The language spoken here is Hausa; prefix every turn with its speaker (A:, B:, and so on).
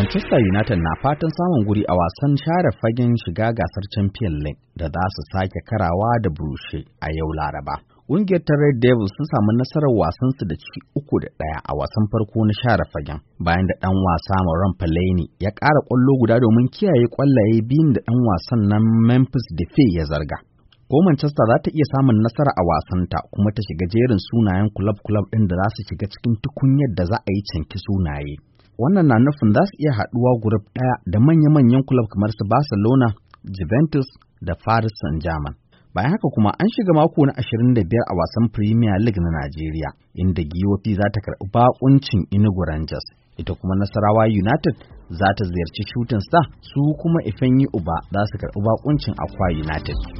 A: Manchester United na fatan samun guri a wasan share fagen shiga gasar Champions League da za su sake karawa da Brushe a yau Laraba. Ƙungiyar ta Red Devils sun samu nasarar wasansu da ci uku da ɗaya a wasan farko na share fagen bayan da ɗan wasa Moran Fellaini ya ƙara ƙwallo guda domin kiyaye ƙwallaye biyun da ɗan wasan nan Memphis Depay ya zarga. Ko Manchester za ta iya samun nasara a wasanta kuma ta shiga jerin sunayen kulab-kulab ɗin da za su shiga cikin tukunyar da za a yi canki sunaye. Wannan na nufin za su iya haɗuwa guruf ɗaya da manya-manyan kulab kamar su Barcelona, Juventus da Paris Saint-Germain. Bayan haka kuma an shiga mako na 25 a wasan Premier League na Najeriya, inda GOP za ta karɓi bakuncin Inugu Rangers. Ita kuma Nasarawa United za ta ziyarci Shooting Star, su kuma Ifeanyi Uba za su karɓi bakuncin Akwa United.